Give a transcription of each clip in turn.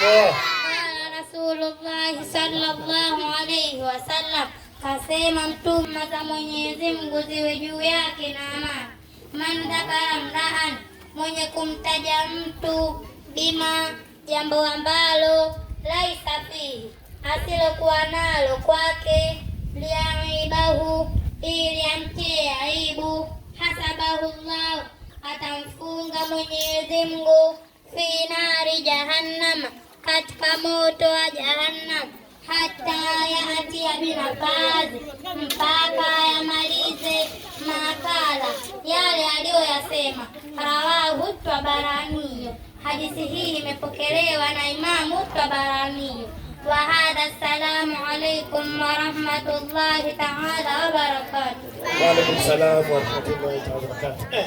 Rasulullah sallallahu alayhi wasallam kasema, mtuma za Mwenyezi Mungu ziwe juu yake na amani. Man dhakara mraan, mwenye kumtaja mtu bima, jambo ambalo laisa fihi, asilokuwa nalo kwake, liaibahu, ili amtie aibu, hasabahu llahu, atamfunga Mwenyezi Mungu fi nari jahannama katika moto wa Jahannam hata yahatia binafadhi, mpaka yamalize makala yale aliyoyasema. Rawahu Tabaraniyo, hadithi hii imepokelewa na Imamu Tabaraniyo. Wa hadha, assalamu alaikum rahmatullahi taala wa wabarakatuh. Wa alaikum salamu rahmatullahi taala wa wabarakatuh. Eh,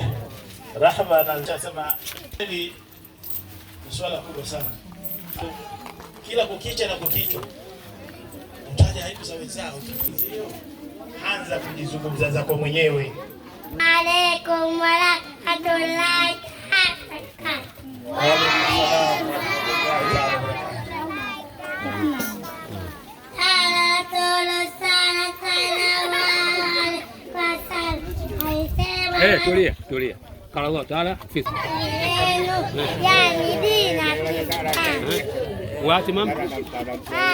rahma na nasema ni swala kubwa sana kila kukicha na kukichwa utaja aibu za wenzao, anza kujizungumza zako mwenyewe. Alaikum warahmatullahi Eh, tulia tulia. Kala Allah taala. ว่าจิมั่ง